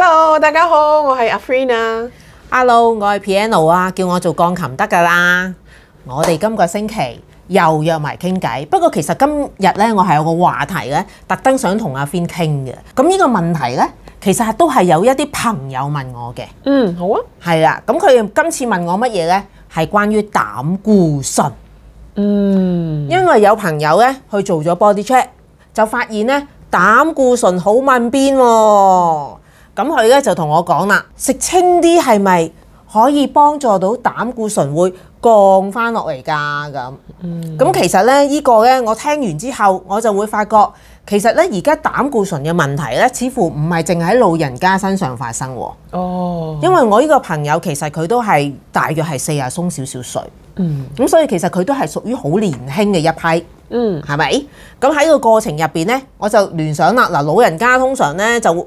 Hello，大家好，我係 Afreen。Hello，我係 Piano 啊，叫我做鋼琴得㗎喇。我哋今個星期又約埋傾偈，不過其實今日咧，我係有一個話題咧，特登想同 Afreen 傾嘅。咁呢個問題咧，其實都係有一啲朋友問我嘅。嗯，好啊，係啦。咁佢今次問我乜嘢咧，係關於膽固醇。嗯，因為有朋友咧去做咗 body check，就發現咧膽固醇好問邊喎。咁佢咧就同我講啦，食清啲係咪可以幫助到膽固醇會降翻落嚟㗎？咁咁、嗯、其實咧呢、呢個咧，我聽完之後我就會發覺，其實咧而家膽固醇嘅問題咧，似乎唔係淨喺老人家身上發生喎。哦，因為我呢個朋友其實佢都係大約係四呀鬆少少歲。嗯，咁所以其實佢都係屬於好年輕嘅一批。嗯是是，係咪？咁喺個過程入面咧，我就聯想啦，嗱老人家通常咧就。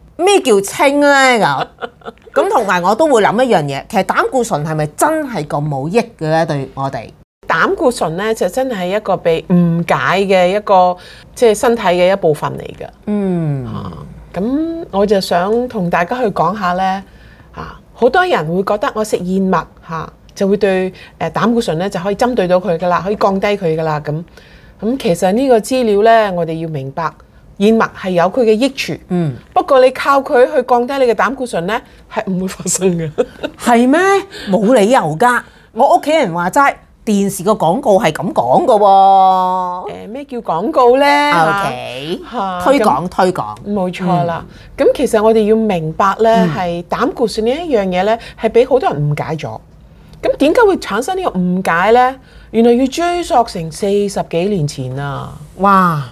咩叫清呢？咁，同埋我都會諗一樣嘢，其實膽固醇係咪真係咁冇益嘅呢？對我哋，膽固醇呢，就真係一個被誤解嘅一個即係、就是、身體嘅一部分嚟嘅。嗯，咁、啊、我就想同大家去講一下呢。嚇、啊、好多人會覺得我食燕麥嚇、啊、就會對誒膽固醇呢就可以針對到佢㗎喇，可以降低佢㗎喇。咁咁其實呢個資料呢，我哋要明白。燕麥係有佢嘅益處，嗯，不過你靠佢去降低你嘅膽固醇呢，係唔會發生嘅，係咩？冇理由㗎。我屋企人話齋，電視個廣告係咁講㗎喎。誒咩叫廣告呢？O K，推廣推廣，冇錯啦。咁其實我哋要明白呢，係膽固醇呢一樣嘢呢，係俾好多人誤解咗。咁點解會產生呢個誤解呢？原來要追溯成四十幾年前啊！哇～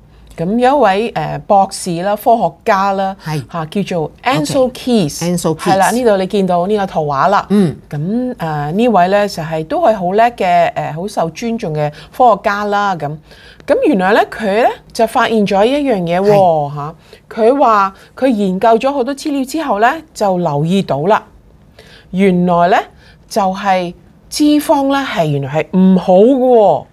咁有一位誒博士啦，科學家啦，嚇是叫做 Ansel Keys，係啦，呢度你見到呢個圖畫啦。嗯，咁誒呢位咧就係、是、都係好叻嘅誒，好受尊重嘅科學家啦。咁咁原來咧佢咧就發現咗一樣嘢喎嚇，佢話佢研究咗好多資料之後咧，就留意到啦，原來咧就係脂肪咧係原來係唔好嘅，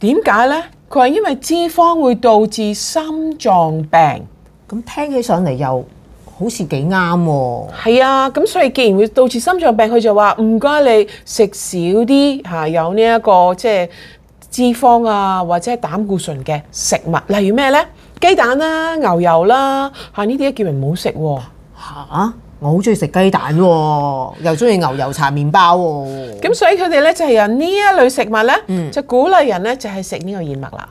點解咧？佢話因為脂肪會導致心臟病，咁聽起上嚟又好似幾啱喎。係啊，咁所以既然會導致心臟病，佢就話唔該你食少啲、吓、有呢、這、一個即係脂肪啊或者係膽固醇嘅食物，例如咩呢？雞蛋啦、啊、牛油啦、啊，吓呢啲叫人唔好食喎、啊。我好中意食雞蛋喎、哦，又中意牛油茶麵包喎、哦。咁所以佢哋咧就係、是、由呢一類食物咧、嗯，就鼓勵人咧就係食呢個燕麥啦。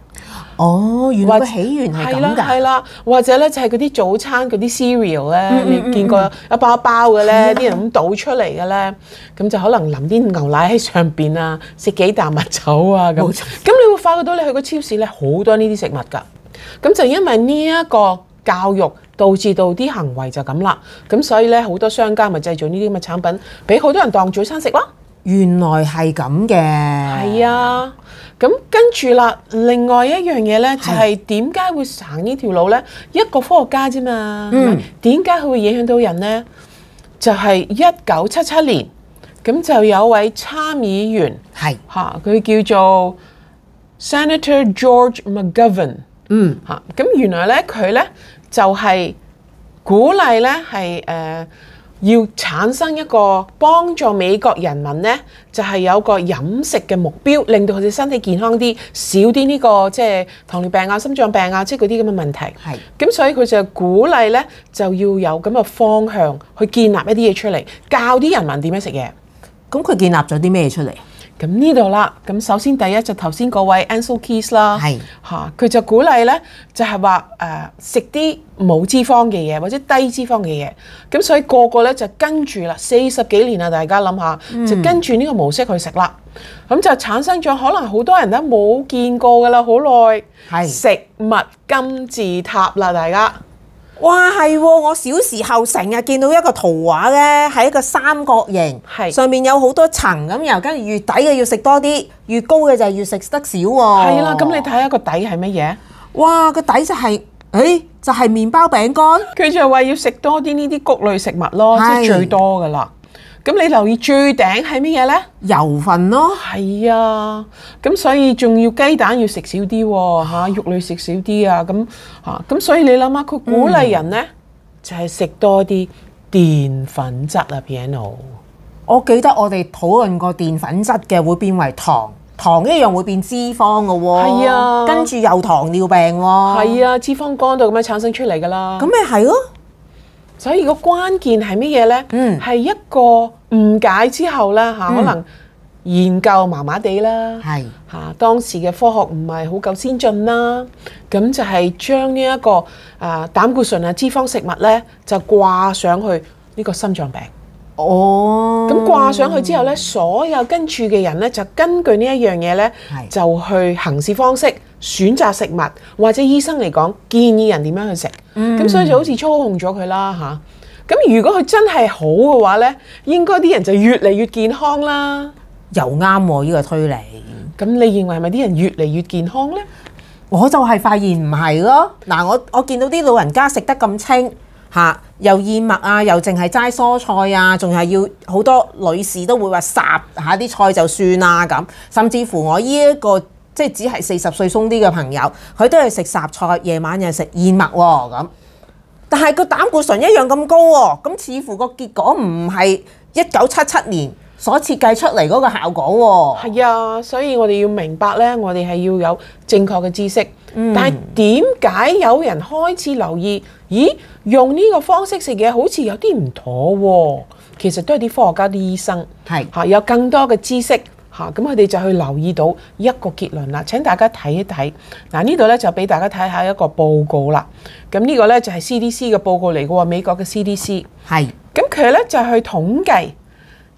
哦，原來起源係咁噶，係啦，或者咧就係嗰啲早餐嗰啲 cereal 咧，嗯嗯嗯嗯你見過一包一包嘅咧，啲、嗯嗯、人咁倒出嚟嘅咧，咁 就可能淋啲牛奶喺上邊啊，食幾啖蜜酒啊，咁。咁你會發覺到你去個超市咧，好多呢啲食物噶。咁就因為呢、這、一個。教育導致到啲行為就咁啦，咁所以呢好多商家咪製造呢啲咁嘅產品，俾好多人當早餐食咯。原來係咁嘅，係啊，咁跟住啦，另外一樣嘢呢就係點解會行呢條路呢？一個科學家啫嘛，嗯，點解佢會影響到人呢？就係一九七七年，咁就有位參議員係嚇，佢叫做 Senator George McGovern，嗯嚇，咁原來呢佢呢。就係鼓勵咧，係誒、呃、要產生一個幫助美國人民咧，就係、是、有個飲食嘅目標，令到佢哋身體健康啲，少啲呢、這個即係糖尿病啊、心臟病啊，即係嗰啲咁嘅問題。係咁是，所以佢就鼓勵咧，就要有咁嘅方向去建立一啲嘢出嚟，教啲人民點樣食嘢。咁佢建立咗啲咩出嚟？咁呢度啦，咁首先第一就頭先嗰位 Ancel Keys 啦，係吓佢就鼓勵咧，就係話誒食啲冇脂肪嘅嘢或者低脂肪嘅嘢，咁所以個個咧就跟住啦，四十幾年啦，大家諗下，就跟住呢個模式去食啦，咁就產生咗可能好多人都冇見過嘅啦，好耐係食物金字塔啦，大家。哇，係喎！我小時候成日見到一個圖畫咧，係一個三角形，係是上面有好多層咁，又跟住越底嘅要食多啲，越高嘅就係越食得少喎。係啦，咁你睇下個底係乜嘢？哇，個底就係、是，誒，就係、是、麵包餅乾。佢就話要食多啲呢啲穀類食物咯，是即係最多噶啦。咁你留意最頂係咩嘢呢？油份咯，係啊。咁所以仲要雞蛋要食少啲喎，吓肉類食少啲啊。咁吓咁所以你諗下，佢鼓勵人呢就係食多啲澱粉質啊。Piano，我記得我哋討論過澱粉質嘅會變為糖，糖一樣會變脂肪噶喎。係啊，跟住又糖尿病喎。係啊，脂肪肝度咁樣產生出嚟噶啦。咁咪係咯。所以個關鍵係乜嘢呢？係一個誤解之後啦嚇，可能研究麻麻地啦，係嚇當時嘅科學唔係好夠先進啦，咁就係將呢一個啊膽固醇啊脂肪食物呢就掛上去呢個心臟病。哦，咁掛上去之後呢，所有跟住嘅人呢就根據呢一樣嘢呢就去行事方式，選擇食物或者醫生嚟講建議人點樣去食，咁、嗯、所以就好似操控咗佢啦吓。咁、啊、如果佢真係好嘅話呢，應該啲人就越嚟越健康啦。又啱喎、啊，呢、這個推理。咁你認為係咪啲人越嚟越健康呢？我就係發現唔係咯。嗱、啊，我我見到啲老人家食得咁清吓、啊，又燕麥啊，又淨係齋蔬菜啊，仲係要好多女士都會話剎下啲菜就算啦咁。甚至乎我呢、這、一個。即係只係四十歲鬆啲嘅朋友，佢都係食雜菜，夜晚又食燕麥喎咁。但係個膽固醇一樣咁高喎，咁似乎個結果唔係一九七七年所設計出嚟嗰個效果喎。係啊，所以我哋要明白呢，我哋係要有正確嘅知識。嗯、但係點解有人開始留意？咦，用呢個方式食嘢好似有啲唔妥喎。其實都係啲科學家、啲醫生係吓是有更多嘅知識。吓！咁佢哋就去留意到一個結論啦。請大家睇一睇。嗱，呢度咧就俾大家睇下一個報告啦。咁呢個咧就係 CDC 嘅報告嚟嘅喎，美國嘅 CDC。係。咁佢咧就去統計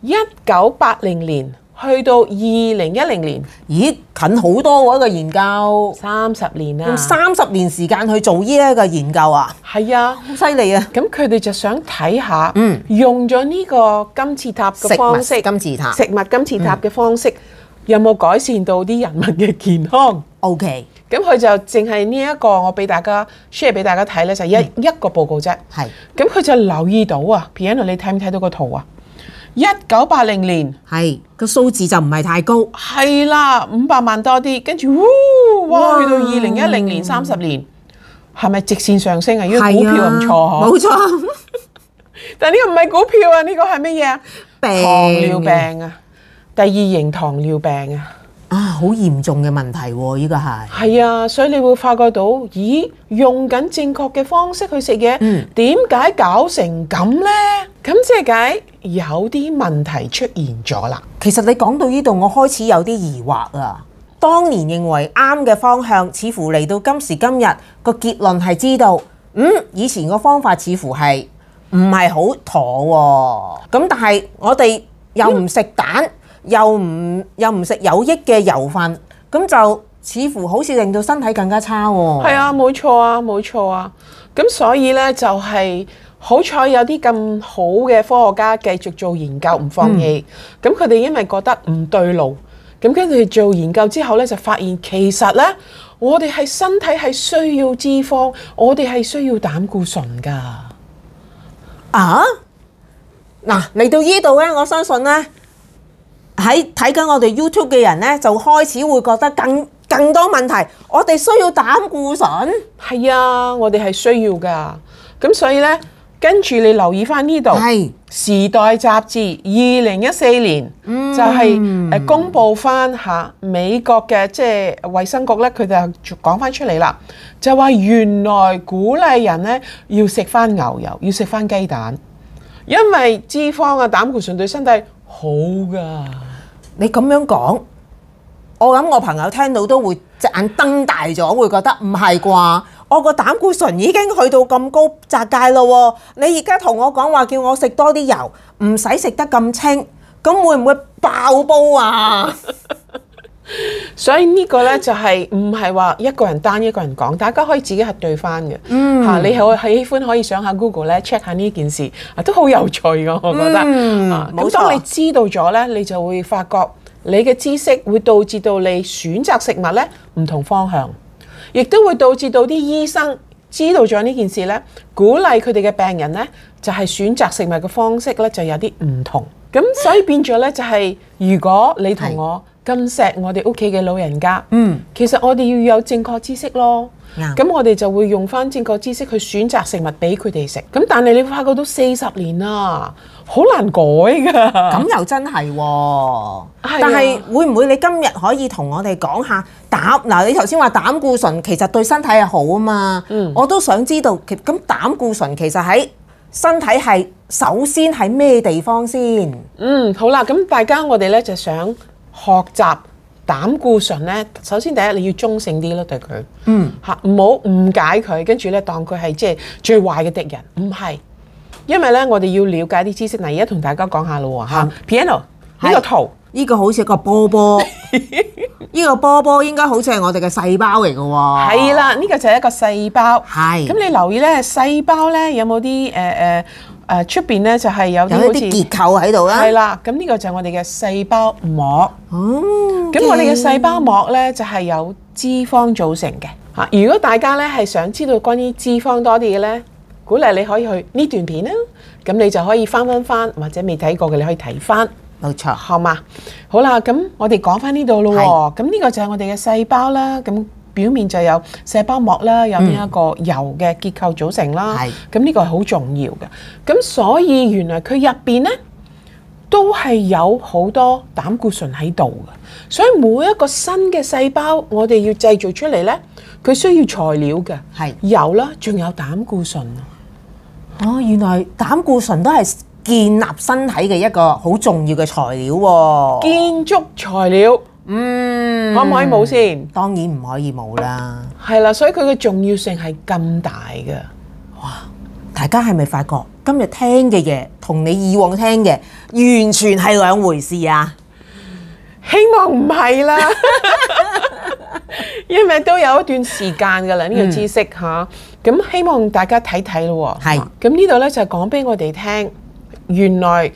一九八零年，去到二零一零年，咦，近好多喎，嗰一個研究三十年啦，用三十年時間去做呢一個研究啊，係啊，好犀利啊！咁佢哋就想睇下，用咗呢個金字塔嘅方式，金字塔食物金字塔嘅方式，有冇改善到啲人民嘅健康？OK，咁佢就淨係呢一個，我俾大家 share 俾大家睇呢，就一一個報告啫。係，咁佢就留意到啊，Piano，你睇唔睇到個圖啊？一九八零年係個數字就唔係太高，係啦五百萬多啲，跟住哇，哇去到二零一零年三十年，係咪哇直線上升啊？因、啊、個股票唔錯，冇錯。錯 但係呢個唔係股票啊，呢、這個係乜嘢啊？糖尿病啊，病的第二型糖尿病啊。啊，好嚴重嘅問題喎！呢個係係啊，所以你會發覺到，咦，用緊正確嘅方式去食嘢，嗯，點解搞成咁呢？咁即係解有啲問題出現咗啦。其實你講到呢度，我開始有啲疑惑啊。當年認為啱嘅方向，似乎嚟到今時今日個結論係知道，嗯，以前個方法似乎係唔係好妥喎。咁但係我哋又唔食蛋。又唔又唔食有益嘅油份，咁就似乎好似令到身體更加差喎。係啊，冇錯啊，冇錯啊。咁所以呢就係好彩有啲咁好嘅科學家繼續做研究唔放棄。咁佢哋因為覺得唔對路，咁跟住做研究之後呢就發現其實呢我哋係身體係需要脂肪，我哋係需要膽固醇㗎。啊，嗱嚟到呢度呢，我相信呢。睇睇緊我哋 YouTube 嘅人呢，就開始會覺得更更多問題。我哋需要膽固醇？係啊，我哋係需要噶。咁所以呢，跟住你留意翻呢度，係是《時代雜誌》二零、嗯、一四年就係公佈翻下美國嘅即係衞生局呢，佢就講翻出嚟啦，就話原來鼓勵人呢要食翻牛油，要食翻雞蛋，因為脂肪啊膽固醇對身體好噶。你咁樣講，我諗我朋友聽到都會隻眼瞪大咗，會覺得唔係啩？我個膽固醇已經去到咁高閘界咯，你而家同我講話叫我食多啲油，唔使食得咁清，咁會唔會爆煲啊？ 所以呢個呢，就係唔係話一個人單一個人講，大家可以自己核對翻嘅。吓、嗯，你可喜歡可以上下 Google 咧 check 下呢件事，都好有趣嘅。我覺得，咁、嗯、當你知道咗呢，你就會發覺你嘅知識會導致到你選擇食物呢唔同方向，亦都會導致到啲醫生知道咗呢件事呢，鼓勵佢哋嘅病人呢，就係選擇食物嘅方式呢就有啲唔同。咁所以變咗咧，就係如果你同我咁錫我哋屋企嘅老人家，的嗯，其實我哋要有正確知識咯，咁的、嗯、我哋就會用翻正確知識去選擇食物俾佢哋食。咁但係你會發覺都四十年啦，好難改噶。咁又真係喎，是的 但係會唔會你今日可以同我哋講下膽？嗱，你頭先話膽固醇其實對身體係好啊嘛，嗯、我都想知道，咁膽固醇其實喺？身體係首先喺咩地方先？嗯，好啦，咁大家我哋咧就想學習膽固醇咧。首先第一，你要中性啲咯，對佢。嗯。嚇，唔好誤解佢，跟住咧當佢係即係最壞嘅敵人，唔係。因為咧，我哋要了解啲知識。嗱，而家同大家講下咯吓、嗯啊、Piano，呢是個圖。呢個好似一個波波，呢 個波波應該好似係我哋嘅細胞嚟嘅喎。係啦，呢、這個就係一個細胞。係是。咁你留意咧，細胞咧有冇啲誒誒誒出邊咧就係有啲好似結構喺度啦。係啦，咁呢個就係我哋嘅細胞膜。咁、嗯、我哋嘅細胞膜咧就係由脂肪組成嘅。嚇！如果大家咧係想知道關於脂肪多啲嘅咧，鼓勵你可以去呢段片啦。咁你就可以翻翻翻，或者未睇過嘅你可以睇翻，翻。冇錯，好嘛？好啦，咁我哋講翻呢度咯。咁呢個就係我哋嘅細胞啦。咁表面就有細胞膜啦，有呢一個油嘅結構組成啦。係，咁呢個係好重要嘅。咁所以原來佢入邊咧都係有好多膽固醇喺度嘅。所以每一個新嘅細胞，我哋要製造出嚟咧，佢需要材料嘅。係，油啦，仲有膽固醇啊。哦，原來膽固醇都係建立身體嘅一個好重要嘅材料喎、哦，建築材料，嗯，可唔可以冇先？當然唔可以冇啦，係啦，所以佢嘅重要性係咁大嘅。哇！大家係咪發覺今日聽嘅嘢同你以往聽嘅完全係兩回事啊？希望唔係啦， 因為都有一段時間噶啦，呢個知識吓，咁、嗯、希望大家睇睇咯。係是，咁呢度咧就講俾我哋聽。原來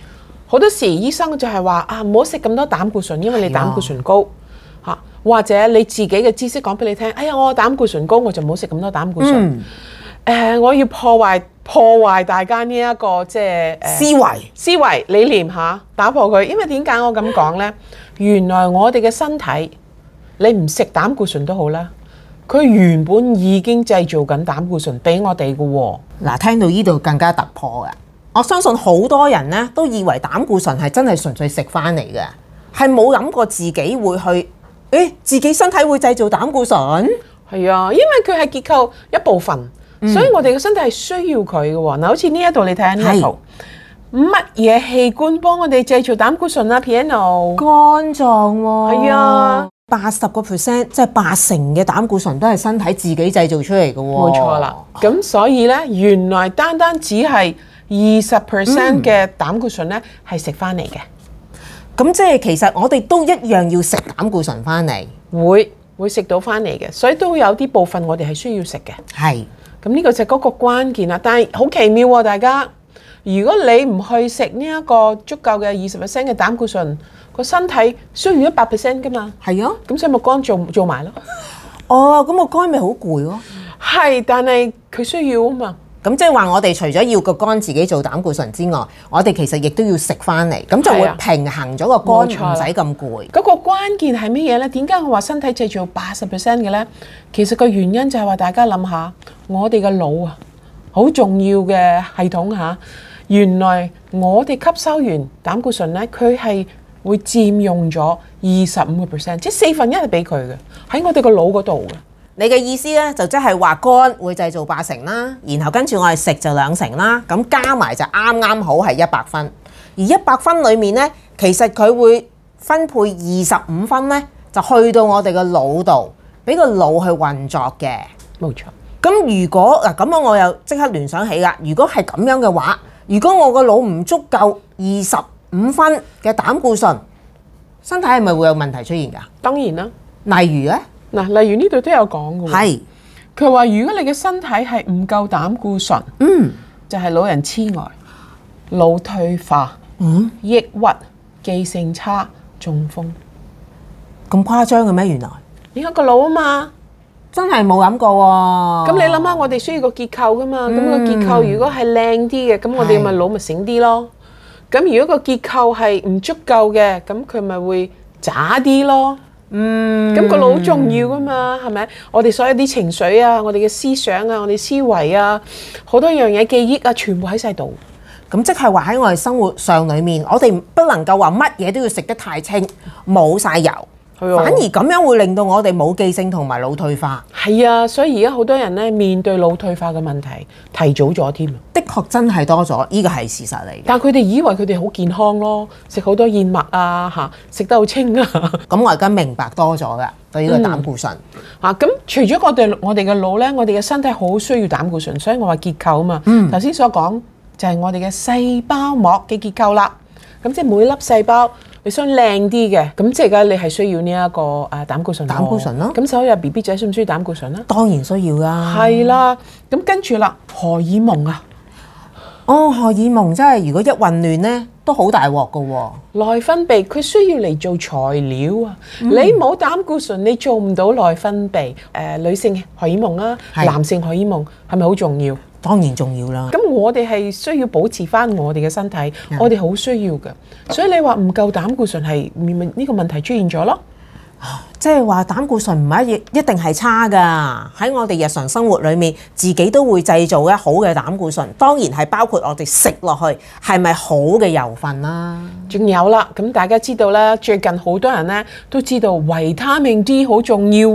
好多時醫生就係話啊，唔好食咁多膽固醇，因為你膽固醇高嚇，啊、或者你自己嘅知識講俾你聽，哎呀，我膽固醇高，我就唔好食咁多膽固醇。誒、嗯呃，我要破壞破壞大家呢、呢個呃、維一個即係思維思維理念嚇，打破佢。因為點解我咁講呢？ 原來我哋嘅身體，你唔食膽固醇都好啦，佢原本已經製造緊膽固醇俾我哋㗎喎。嗱，聽到呢度更加突破啊！我相信好多人咧都以為膽固醇係真係純粹食返嚟嘅，係冇諗過自己會去，誒、欸、自己身體會製造膽固醇。係啊，因為佢係結構一部分，嗯、所以我哋嘅身體係需要佢嘅喎。嗱，好似呢一度你睇下呢一度乜嘢器官幫我哋製造膽固醇啊？Piano，肝臟喎。係啊，八十個 percent 即係八成嘅膽固醇都係身體自己製造出嚟嘅喎。冇錯啦。咁所以呢，原來單單只係二十 percent 嘅膽固醇咧係食翻嚟嘅，咁即係其實我哋都一樣要食膽固醇翻嚟，會會食到翻嚟嘅，所以都有啲部分我哋係需要食嘅。係，咁呢個就係嗰個關鍵啦。但係好奇妙喎，大家如果你唔去食呢一個足夠嘅二十 percent 嘅膽固醇，個身體需要一百 percent 噶嘛？係啊，咁所以個肝做做埋咯。哦，咁個肝咪好攰咯。係，但係佢需要啊嘛。咁即係話我哋除咗要個肝自己做膽固醇之外，我哋其實亦都要食翻嚟，咁就會平衡咗個肝，唔使咁攰。嗰個關鍵係乜嘢呢？點解我話身體製造八十 percent 嘅呢？其實個原因就係話大家諗下，我哋嘅腦啊，好重要嘅系統吓。原來我哋吸收完膽固醇呢，佢係會佔用咗二十五個 percent，即係四分一係俾佢嘅，喺我哋個腦嗰度嘅。你嘅意思咧，就即係話肝會製造八成啦，然後跟住我哋食就兩成啦，咁加埋就啱啱好係一百分。而一百分裏面呢，其實佢會分配二十五分呢，就去到我哋嘅腦度，俾個腦去運作嘅。冇錯。咁如果嗱，咁樣，我又即刻聯想起啦。如果係咁樣嘅話，如果我個腦唔足夠二十五分嘅膽固醇，身體係咪會有問題出現㗎？當然啦。例如呢。嗱，例如呢度都有講嘅，佢話是如果你嘅身體係唔夠膽固醇，嗯，就係老人痴呆、腦退化、嗯、抑鬱、記性差、中風，咁誇張嘅咩？原來影響個腦啊嘛，真係冇諗過喎、啊。咁你諗下，我哋需要個結構嘅嘛？咁、嗯、個結構如果係靚啲嘅，咁我哋咪腦咪醒啲咯。咁如果個結構係唔足夠嘅，咁佢咪會渣啲咯。嗯，咁個腦好重要噶嘛，係咪？我哋所有啲情緒啊，我哋嘅思想啊，我哋思維啊，好多樣嘢記憶啊，全部喺晒度。咁、嗯、即係話喺我哋生活上裏面，我哋不能夠話乜嘢都要食得太清，冇晒油。反而咁樣會令到我哋冇記性同埋腦退化。係啊，所以而家好多人咧面對腦退化嘅問題提早咗添。的確真係多咗，呢個係事實嚟。但係佢哋以為佢哋好健康咯，食好多燕麥啊，吓食得好清啊。咁、嗯、 我而家明白多咗㗎。就呢個膽固醇、嗯、啊，咁除咗我哋我哋嘅腦咧，我哋嘅身體好需要膽固醇，所以我話結構啊嘛。頭先所講就係我哋嘅細胞膜嘅結構啦。咁即係每粒細胞。你想靚啲嘅，咁即係嘅，你係需要呢一個啊膽固醇。膽固醇咯、啊。咁首先啊，B B 仔需唔需要膽固醇啊？當然需要啦、啊。係啦，咁跟住啦，荷爾蒙啊，哦荷爾蒙真係，如果一混亂咧，都好大鑊嘅喎。內分泌佢需要嚟做材料啊，嗯、你冇膽固醇，你做唔到內分泌。誒、呃、女性荷爾蒙啊，係嘅男性荷爾蒙係咪好重要？當然重要啦！咁我哋係需要保持翻我哋嘅身體，的我哋好需要嘅。所以你話唔夠膽固醇係呢個問題出現咗咯？即係話膽固醇唔係一定係差噶。喺我哋日常生活裏面，自己都會製造一好嘅膽固醇，當然係包括我哋食落去係咪好嘅油分啦、啊。仲有啦，咁大家知道啦，最近好多人呢都知道維他命 D 好重要。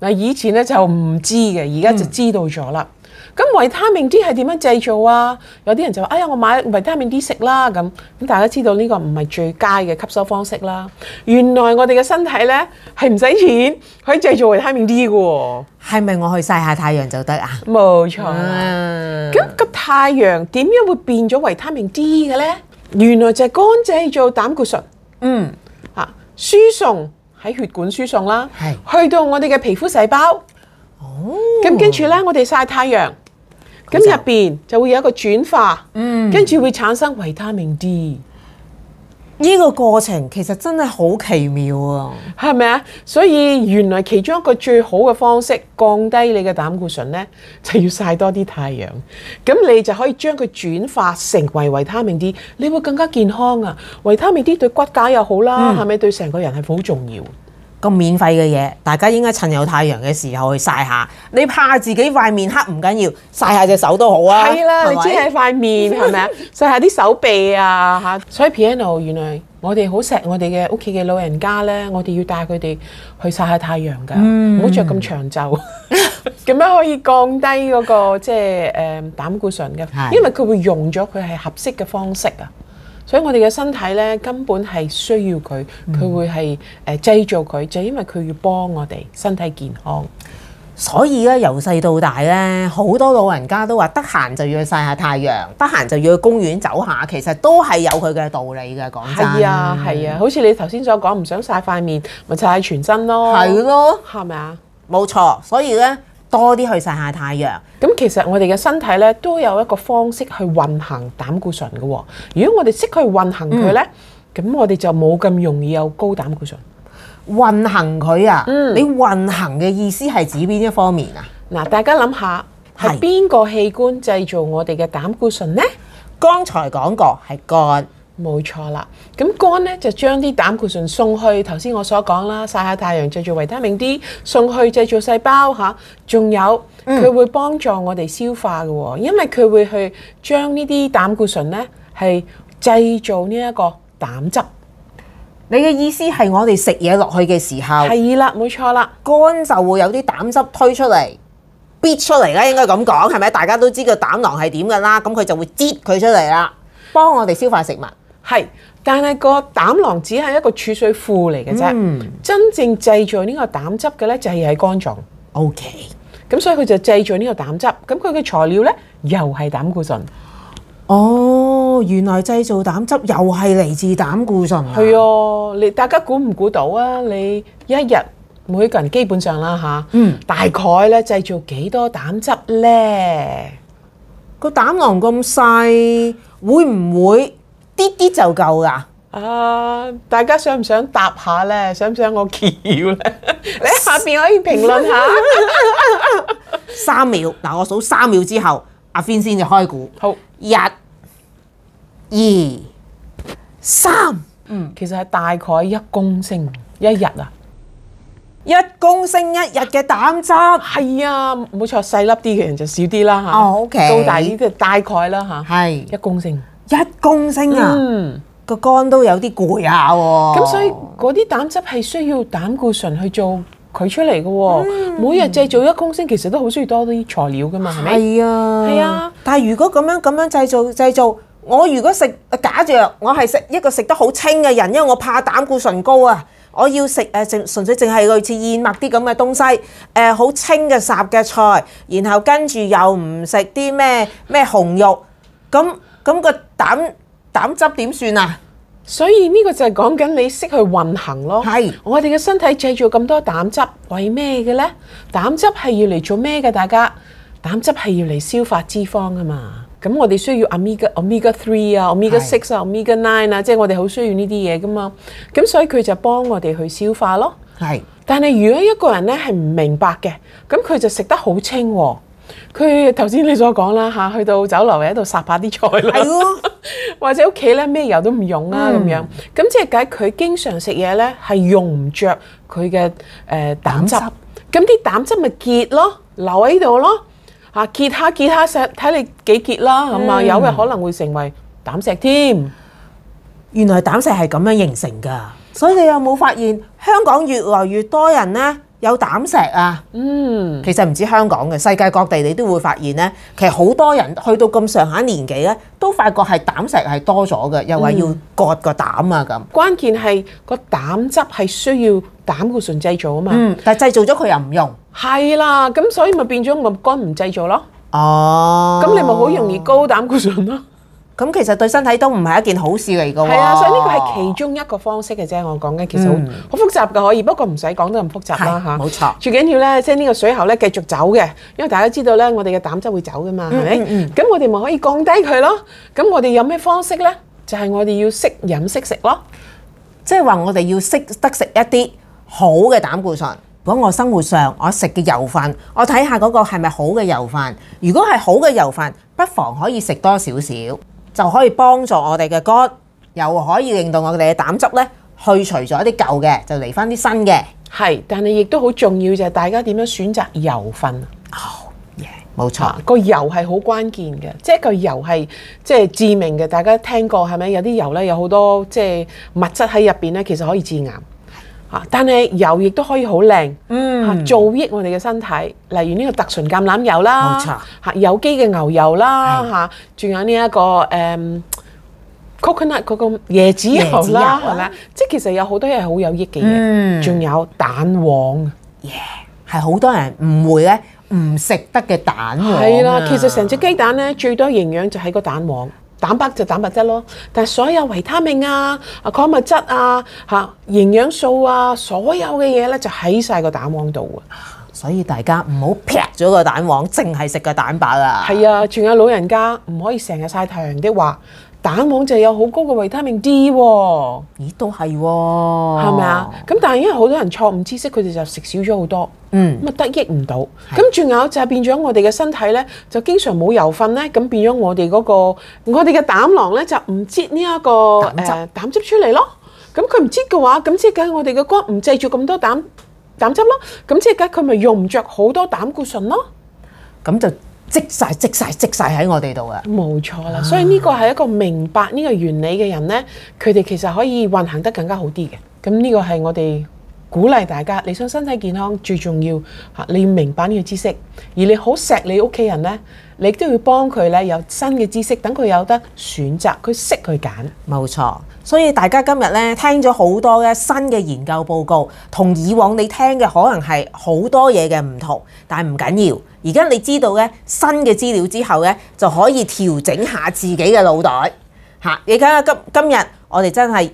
嗱，以前呢就唔知嘅，而家就知道咗啦。嗯咁維他命 D 係點樣製造啊？有啲人就話：哎呀，我買維他命 D 食啦。咁咁大家知道呢個唔係最佳嘅吸收方式啦。原來我哋嘅身體咧係唔使錢，可以製造維他命 D 嘅、哦。係咪我去曬下太陽就得啊？冇錯啊。咁個太陽點樣會變咗維他命 D 嘅咧？原來就係肝製造膽固醇。嗯。嚇、啊！輸送喺血管輸送啦，是去到我哋嘅皮膚細胞。哦。咁跟住咧，我哋曬太陽。咁入邊就會有一個轉化，跟住、嗯、會產生維他命 D 呢個過程，其實真係好奇妙啊，係咪啊？所以原來其中一個最好嘅方式降低你嘅膽固醇呢，就要曬多啲太陽。咁你就可以將佢轉化成為維他命 D，你會更加健康啊。維他命 D 對骨骼又好啦，係咪、嗯、對成個人係好重要？咁免費嘅嘢，大家應該趁有太陽嘅時候去曬下。你怕自己塊面黑唔緊要，曬下隻手都好啊。係啦，你知係塊面係咪啊？曬下啲手臂啊嚇。所以 Piano 原來我哋好錫我哋嘅屋企嘅老人家咧，我哋要帶佢哋去曬下太陽㗎，唔好着咁長袖。噉 樣可以降低嗰、嗰個即係誒膽固醇嘅？的因為佢會用咗，佢係合適嘅方式啊。所以我哋嘅身體咧，根本係需要佢，佢會係誒製造佢，就是、因為佢要幫我哋身體健康。嗯、所以咧，由細到大咧，好多老人家都話，得閒就要晒下太陽，得閒就要去公園走下。其實都係有佢嘅道理㗎。講真，係啊，係啊，好似你頭先所講，唔想晒塊面，咪晒全身咯，係咯，係咪啊？冇錯，所以咧。多啲去晒下太陽，咁其實我哋嘅身體呢，都有一個方式去運行膽固醇嘅喎、哦。如果我哋識去運行佢呢，咁、嗯、我哋就冇咁容易有高膽固醇。運行佢啊？嗯、你運行嘅意思係指邊一方面啊？嗱，大家諗下，係邊個器官製造我哋嘅膽固醇呢？是剛才講過係肝。是冇錯啦，咁肝咧就將啲膽固醇送去頭先我所講啦，晒下太陽製造維他命 D，送去製造細胞嚇，仲有佢會幫助我哋消化嘅喎，嗯、因為佢會去將呢啲膽固醇咧係製造呢一個膽汁。你嘅意思係我哋食嘢落去嘅時候，係啦，冇錯啦，肝就會有啲膽汁推出嚟，逼出嚟啦，應該咁講係咪？是是大家都知個膽囊係點㗎啦，咁佢就會擠佢出嚟啦，幫我哋消化食物。係，但係個膽囊只係一個儲水庫嚟嘅啫。真正製造呢個膽汁嘅呢，就係喺肝臟。OK，咁所以佢就製造呢個膽汁。咁佢嘅材料呢，又係膽固醇。哦，原來製造膽汁又係嚟自膽固醇。係啊，你大家估唔估到啊？你一日每個人基本上啦嚇，大概呢製造幾多膽汁呢？個膽囊咁細，會唔會？啲啲就夠噶、啊，啊！大家想唔想答下咧？想唔想我揭曉咧？ 你下邊可以評論下。 三秒嗱好、啊，我數三秒之後，Afreen 先至開估。好，一、二、三。嗯，其實係大概一公升一日啊，一公升一日嘅膽汁。係啊、哎，冇錯，細粒啲嘅人就少啲啦嚇。哦，OK。高大啲嘅大概啦吓，係是一公升。一公升啊！個、嗯、肝都有啲攰下。咁所以嗰啲膽汁係需要膽固醇去做佢出嚟嘅喎。嗯、每日製造一公升，其實都好需要多啲材料噶嘛，係咪？係啊，係啊。但係如果咁樣咁樣製造製造，我如果食假著，我係食一個食得好清嘅人，因為我怕膽固醇高啊。我要食誒，淨、呃、純粹淨係類似燕麥啲咁嘅東西，誒、呃、好清嘅雜嘅菜，然後跟住又唔食啲咩咩紅肉咁。咁個膽膽汁點算啊？所以呢個就係講緊你識去運行咯。係是，我哋嘅身體製造咁多膽汁，為咩嘅咧？膽汁係要嚟做咩嘅？大家，膽汁係要嚟消化脂肪㗎嘛。咁我哋需要 Omega, Omega, Omega 3啊，Omega 6啊，Omega 9啊，即係、啊是啊就是、我哋好需要呢啲嘢噶嘛。咁所以佢就幫我哋去消化咯。係是，但係如果一個人咧係唔明白嘅，咁佢就食得好清喎、啊。佢頭先你所講啦嚇，去到酒樓喺度殺下啲菜啦，或者屋企咧咩油都唔用啊咁樣。咁即係解佢經常食嘢咧，係用唔著佢嘅誒膽汁。咁啲膽汁咪結咯，留喺度咯嚇，結下結下石，睇你幾結啦，係嘛？有嘅可能會成為膽石添。原來膽石係咁樣形成㗎，所以你有冇發現香港越來越多人咧？有膽石啊，嗯、其實唔止香港嘅，世界各地你都會發現咧，其實好多人去到咁上下年紀咧，都發覺係膽石係多咗嘅，又話要割個膽啊咁。嗯、樣關鍵係個膽汁係需要膽固醇製造啊嘛，嗯、但係製造咗佢又唔用，係啦，咁所以咪變咗個肝唔製造咯。哦、啊，咁你咪好容易高膽固醇咯。咁其實對身體都唔係一件好事嚟嘅喎。係啊，所以呢個係其中一個方式嘅啫。我講嘅其實好複雜嘅可以，不過唔使講得咁複雜啦嚇。冇錯，最緊要咧，即係呢個水喉咧繼續走嘅，因為大家知道咧，我哋嘅膽汁會走嘅嘛，係咪？咁我哋咪可以降低佢咯。咁我哋有咩方式咧？就係我哋要識飲識食咯，即係話我哋要識得食一啲好嘅膽固醇。如果我生活上我食嘅油飯，我睇下嗰個係咪好嘅油飯。如果係好嘅油飯，不妨可以食多少少。就可以幫助我哋嘅肝，又可以令到我哋嘅膽汁咧去除咗啲舊嘅，就嚟返啲新嘅。係，但係亦都好重要就係大家點樣選擇油分啊？哦耶，冇錯，個油係好關鍵嘅，即係個油係即係致命嘅。大家聽過係咪？有啲油咧有好多即係物質喺入邊咧，其實可以致癌。但係油亦都可以好靚，嗯，造益我哋嘅身體。例如呢個特純橄欖油啦，嚇錯，有機嘅牛油啦，嚇的，仲有呢、這、一個誒、嗯、coconut 嗰個椰子油啦，係咪？即係、哦、其實有好多嘢係好有益嘅嘢。仲、嗯、有蛋黃，耶，係好多人誤會咧，唔食得嘅蛋黃啊。係啦，其實成隻雞蛋咧，最多營養就喺個蛋黃。蛋白就蛋白質咯，但所有維他命啊、礦物質啊、嚇營養素啊，所有嘅嘢咧就喺晒個蛋黃度啊，所以大家唔好劈咗個蛋黃，淨係食個蛋白啊。係啊，仲有老人家唔可以成日曬太陽的話。蛋黃就有好高嘅維他命 D 咦、哦、都係喎、哦，係咪啊？咁但係因為好多人錯誤知識，佢哋就食少咗好多，嗯，咁啊得益唔到。咁仲的有就係變咗我哋嘅身體咧，就經常冇油分咧，咁變咗我哋嗰、這個，我哋嘅膽囊咧就唔擠呢一個誒膽汁出嚟咯。咁佢唔擠嘅話，咁即係緊我哋嘅肝唔製住咁多膽膽汁咯。咁即係緊佢咪用唔着好多膽固醇咯？咁就。積曬、積曬、積曬喺我哋度啊！冇錯啦，所以呢個係一個明白呢個原理嘅人呢，佢哋其實可以運行得更加好啲嘅。咁呢個係我哋，鼓勵大家，你想身體健康最重要嚇，你要明白呢個知識。而你好錫你屋企人呢，你都要幫佢呢，有新嘅知識，等佢有得選擇，佢識去揀。冇錯，所以大家今日呢，聽咗好多嘅新嘅研究報告，同以往你聽嘅可能係好多嘢嘅唔同，但係唔緊要。而家你知道呢，新嘅資料之後呢，就可以調整下自己嘅腦袋嚇。你睇下今今日我哋真係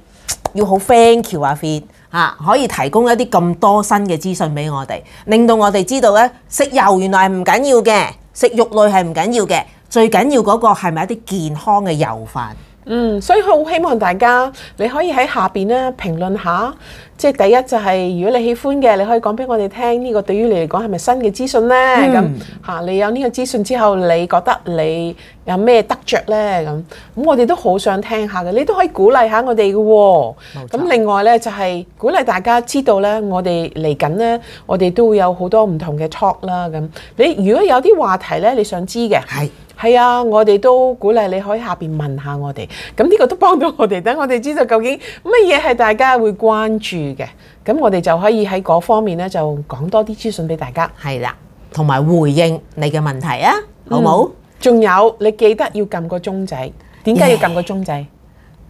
要好 friend 橋啊 f i 啊！可以提供一啲咁多新嘅資訊俾我哋，令到我哋知道咧，食油原來係唔緊要嘅，食肉類係唔緊要嘅，最緊要嗰個係咪一啲健康嘅油飯？嗯，所以好希望大家你可以喺下邊咧評論下，即係第一就係如果你喜歡嘅，你可以講俾我哋聽呢個對於你嚟講係咪新嘅資訊呢？咁吓，嗯，你有呢個資訊之後，你覺得你有咩得着呢？咁咁我哋都好想聽下嘅，你都可以鼓勵下我哋嘅。咁錯另外呢，就係鼓勵大家知道呢，我哋嚟緊呢，我哋都會有好多唔同嘅 talk 啦。咁你如果有啲話題呢，你想知嘅係。係啊，我哋都鼓勵你可以下邊問下我哋，咁呢個都幫到我哋。等我哋知道究竟乜嘢係大家會關注嘅，咁我哋就可以喺嗰方面呢就講多啲資訊俾大家。係啦，同埋回應你嘅問題啊，好冇？仲有你記得要撳個鐘仔，點解要撳個鐘仔？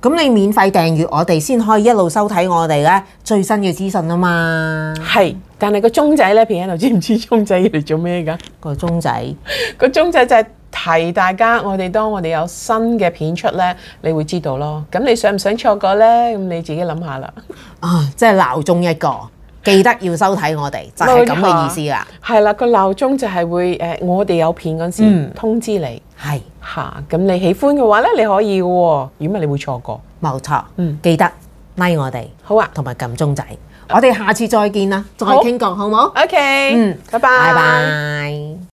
咁你免費訂閱我哋先可以一路收睇我哋呢最新嘅資訊啊嘛。係，但係個鐘仔呢，撇喺度，知唔知鐘仔嚟做咩噶？個鐘仔，個鐘仔就係。提大家，我哋當我哋有新嘅片出呢，你會知道咯。咁你想唔想錯過呢？咁你自己諗下啦。啊，即係鬧鐘一個，記得要收睇我哋就係咁嘅意思啊。係、啊、啦，個、啊、鬧鐘就係會誒、呃，我哋有片嗰陣時通知你。係吓、嗯，咁、啊、你喜歡嘅話呢，你可以喎。如果唔係你會錯過。冇錯，嗯，記得 l、like、我哋。好啊，同埋撳鐘仔。我哋下次再見啦，再傾過好唔好嗎？OK，嗯，拜拜 bye，拜拜。